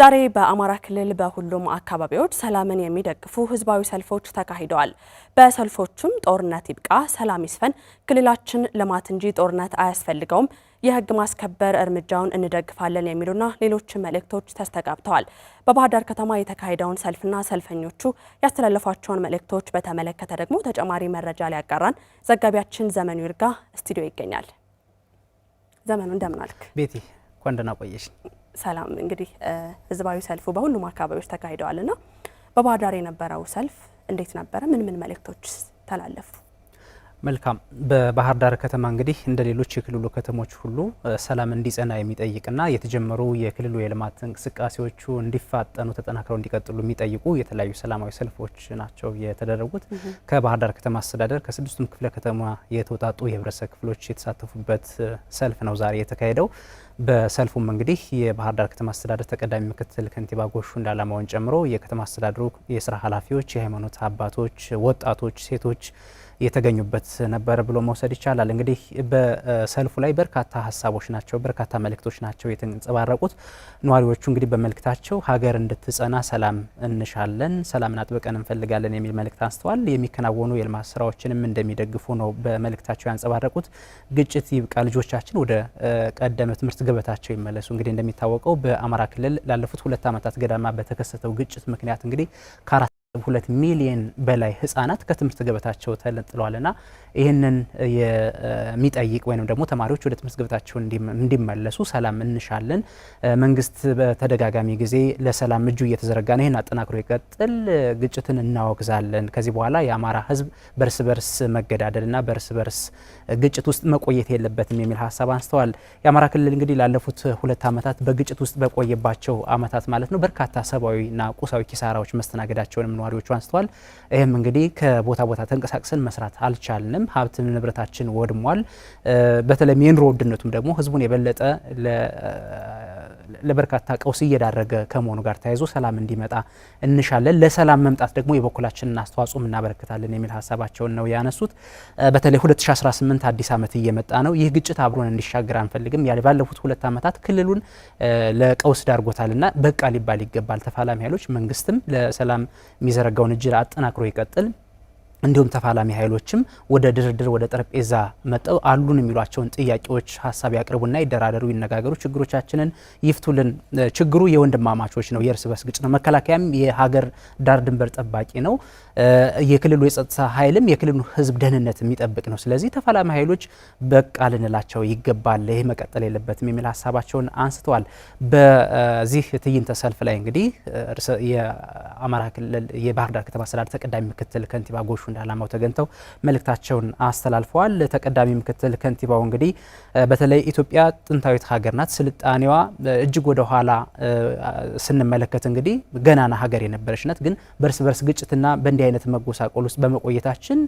ዛሬ በአማራ ክልል በሁሉም አካባቢዎች ሰላምን የሚደግፉ ህዝባዊ ሰልፎች ተካሂደዋል። በሰልፎቹም ጦርነት ይብቃ፣ ሰላም ይስፈን፣ ክልላችን ልማት እንጂ ጦርነት አያስፈልገውም፣ የህግ ማስከበር እርምጃውን እንደግፋለን የሚሉና ሌሎች መልእክቶች ተስተጋብተዋል። በባህር ዳር ከተማ የተካሄደውን ሰልፍና ሰልፈኞቹ ያስተላለፏቸውን መልእክቶች በተመለከተ ደግሞ ተጨማሪ መረጃ ሊያጋራን ዘጋቢያችን ዘመኑ ይርጋ ስቱዲዮ ይገኛል። ዘመኑ እንደምን አልክ? ቤቲ እንኳን ደህና ቆየሽ። ሰላም እንግዲህ ህዝባዊ ሰልፉ በሁሉም አካባቢዎች ተካሂደዋል ና በባህር ዳር የነበረው ሰልፍ እንዴት ነበረ? ምን ምን መልእክቶች ተላለፉ? መልካም። በባህር ዳር ከተማ እንግዲህ እንደ ሌሎች የክልሉ ከተሞች ሁሉ ሰላም እንዲጸና የሚጠይቅና የተጀመሩ የክልሉ የልማት እንቅስቃሴዎቹ እንዲፋጠኑ ተጠናክረው እንዲቀጥሉ የሚጠይቁ የተለያዩ ሰላማዊ ሰልፎች ናቸው የተደረጉት። ከባህር ዳር ከተማ አስተዳደር ከስድስቱም ክፍለ ከተማ የተውጣጡ የህብረተሰብ ክፍሎች የተሳተፉበት ሰልፍ ነው ዛሬ የተካሄደው። በሰልፉም እንግዲህ የባህር ዳር ከተማ አስተዳደር ተቀዳሚ ምክትል ከንቲባ ጎሹ እንዳላማውን ጨምሮ የከተማ አስተዳደሩ የስራ ኃላፊዎች፣ የሃይማኖት አባቶች፣ ወጣቶች፣ ሴቶች የተገኙበት ነበር ብሎ መውሰድ ይቻላል። እንግዲህ በሰልፉ ላይ በርካታ ሀሳቦች ናቸው፣ በርካታ መልእክቶች ናቸው የተንጸባረቁት። ነዋሪዎቹ እንግዲህ በመልእክታቸው ሀገር እንድትጸና ሰላም እንሻለን፣ ሰላምን አጥብቀን እንፈልጋለን የሚል መልእክት አንስተዋል። የሚከናወኑ የልማት ስራዎችንም እንደሚደግፉ ነው በመልእክታቸው ያንጸባረቁት። ግጭት ይብቃ፣ ልጆቻችን ወደ ቀደመ ትምህርት ገበታቸው ይመለሱ። እንግዲህ እንደሚታወቀው በአማራ ክልል ላለፉት ሁለት ዓመታት ገደማ በተከሰተው ግጭት ምክንያት እንግዲህ ከአራት ሁለት ሚሊየን በላይ ህጻናት ከትምህርት ገበታቸው ተለጥለዋልና ይህንን የሚጠይቅ ወይም ደግሞ ተማሪዎች ወደ ትምህርት ገበታቸው እንዲመለሱ ሰላም እንሻለን። መንግስት በተደጋጋሚ ጊዜ ለሰላም እጁ እየተዘረጋ ነው። ይህን አጠናክሮ ይቀጥል። ግጭትን እናወግዛለን። ከዚህ በኋላ የአማራ ህዝብ በርስ በርስ መገዳደልና በርስ በርስ ግጭት ውስጥ መቆየት የለበትም የሚል ሀሳብ አንስተዋል። የአማራ ክልል እንግዲህ ላለፉት ሁለት ዓመታት በግጭት ውስጥ በቆየባቸው ዓመታት ማለት ነው በርካታ ሰብአዊና ቁሳዊ ኪሳራዎች መስተናገዳቸውንም ነው ነዋሪዎቹ አንስተዋል። ይህም እንግዲህ ከቦታ ቦታ ተንቀሳቅሰን መስራት አልቻልንም፣ ሀብት ንብረታችን ወድሟል። በተለይም የኑሮ ውድነቱም ደግሞ ህዝቡን የበለጠ ለበርካታ ቀውስ እየዳረገ ከመሆኑ ጋር ተያይዞ ሰላም እንዲመጣ እንሻለን። ለሰላም መምጣት ደግሞ የበኩላችንን አስተዋጽኦ እናበረክታለን የሚል ሀሳባቸውን ነው ያነሱት። በተለይ 2018 አዲስ ዓመት እየመጣ ነው። ይህ ግጭት አብሮን እንዲሻገር አንፈልግም። ባለፉት ሁለት ዓመታት ክልሉን ለቀውስ ዳርጎታልና በቃ ሊባል ይገባል። ተፋላሚ ኃይሎች መንግስትም ለሰላም የሚዘረጋውን እጅ አጠናክሮ ይቀጥል እንዲሁም ተፋላሚ ኃይሎችም ወደ ድርድር ወደ ጠረጴዛ መጠው አሉን የሚሏቸውን ጥያቄዎች ሀሳብ ያቅርቡና ይደራደሩ፣ ይነጋገሩ፣ ችግሮቻችንን ይፍቱልን። ችግሩ የወንድማማቾች ነው፣ የእርስ በርስ ግጭት ነው። መከላከያም የሀገር ዳር ድንበር ጠባቂ ነው። የክልሉ የጸጥታ ኃይልም የክልሉ ሕዝብ ደህንነት የሚጠብቅ ነው። ስለዚህ ተፋላሚ ኃይሎች በቃ ልንላቸው ይገባል፣ ይህ መቀጠል የለበትም የሚል ሀሳባቸውን አንስተዋል። በዚህ ትዕይንተ ሰልፍ ላይ እንግዲህ የአማራ ክልል የባህር ዳር ከተማ አስተዳደር ተቀዳሚ ምክትል ከንቲባ ጎሹ እንደ ዓላማው ተገኝተው መልእክታቸውን አስተላልፈዋል። ተቀዳሚ ምክትል ከንቲባው እንግዲህ በተለይ ኢትዮጵያ ጥንታዊት ሀገር ናት። ስልጣኔዋ እጅግ ወደ ኋላ ስንመለከት እንግዲህ ገናና ሀገር የነበረች ናት። ግን በርስ በርስ ግጭትና በእንዲህ አይነት መጎሳቆል ውስጥ በመቆየታችን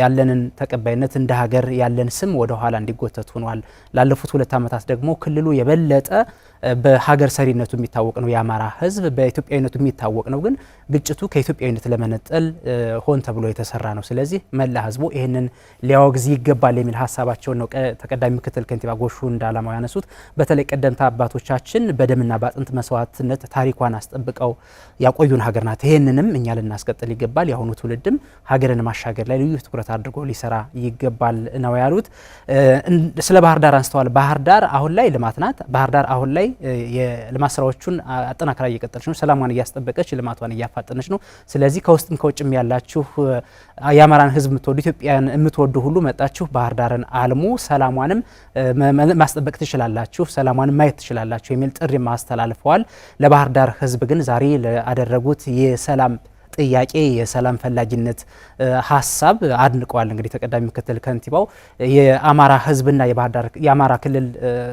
ያለንን ተቀባይነት እንደ ሀገር ያለን ስም ወደ ኋላ እንዲጎተት ሆኗል። ላለፉት ሁለት ዓመታት ደግሞ ክልሉ የበለጠ በሀገር ሰሪነቱ የሚታወቅ ነው። የአማራ ህዝብ በኢትዮጵያዊነቱ የሚታወቅ ነው። ግን ግጭቱ ከኢትዮጵያዊነት ለመነጠል ሆን ተብሎ የተሰራ ነው። ስለዚህ መላ ህዝቡ ይህንን ሊያወግዝ ይገባል የሚል ሀሳባቸውን ነው ተቀዳሚ ምክትል ከንቲባ ጎሹ እንዳላማው ያነሱት። በተለይ ቀደምት አባቶቻችን በደምና በአጥንት መስዋዕትነት ታሪኳን አስጠብቀው ያቆዩን ሀገር ናት። ይህንንም እኛ ልናስቀጥል ይገባል። የአሁኑ ትውልድም ሀገርን ማሻገር ላይ ልዩ ትኩረት አድርጎ ሊሰራ ይገባል ነው ያሉት። ስለ ባህር ዳር አንስተዋል። ባህር ዳር አሁን ላይ ልማት ናት። ባህር ዳር አሁን ላይ የልማት ስራዎቹን አጠናክራ እየቀጠለች ነው። ሰላሟን እያስጠበቀች ልማቷን እያፋጠነች ነው። ስለዚህ ከውስጥም ከውጭም ያላችሁ የአማራን ህዝብ የምትወዱ ኢትዮጵያን የምትወዱ ሁሉ መጣችሁ ባህር ዳርን አልሙ፣ ሰላሟንም ማስጠበቅ ትችላላችሁ፣ ሰላሟንም ማየት ትችላላችሁ የሚል ጥሪ ማስተላልፈዋል። ለባህር ዳር ህዝብ ግን ዛሬ ላደረጉት የሰላም ጥያቄ የሰላም ፈላጊነት ሀሳብ አድንቀዋል። እንግዲህ ተቀዳሚ ምክትል ከንቲባው የአማራ ህዝብና የአማራ ክልል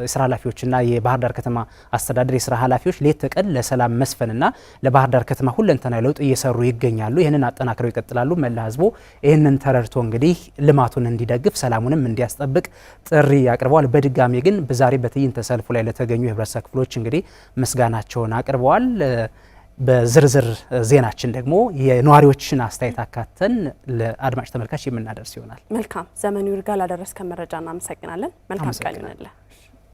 የስራ ኃላፊዎችና የባህር ዳር ከተማ አስተዳደር የስራ ኃላፊዎች ሌት ተቀን ለሰላም መስፈንና ለባህር ዳር ከተማ ሁለንተና ለውጥ እየሰሩ ይገኛሉ። ይህንን አጠናክረው ይቀጥላሉ። መላ ህዝቡ ይህንን ተረድቶ እንግዲህ ልማቱን እንዲደግፍ ሰላሙንም እንዲያስጠብቅ ጥሪ አቅርበዋል። በድጋሚ ግን ዛሬ በትዕይንተ ሰልፉ ላይ ለተገኙ የህብረተሰብ ክፍሎች እንግዲህ ምስጋናቸውን አቅርበዋል። በዝርዝር ዜናችን ደግሞ የነዋሪዎችን አስተያየት አካተን ለአድማጭ ተመልካች የምናደርስ ይሆናል። መልካም ዘመኑ ይርጋ ላደረስከን መረጃ እናመሰግናለን። መልካም ቀን ይሆንልህ።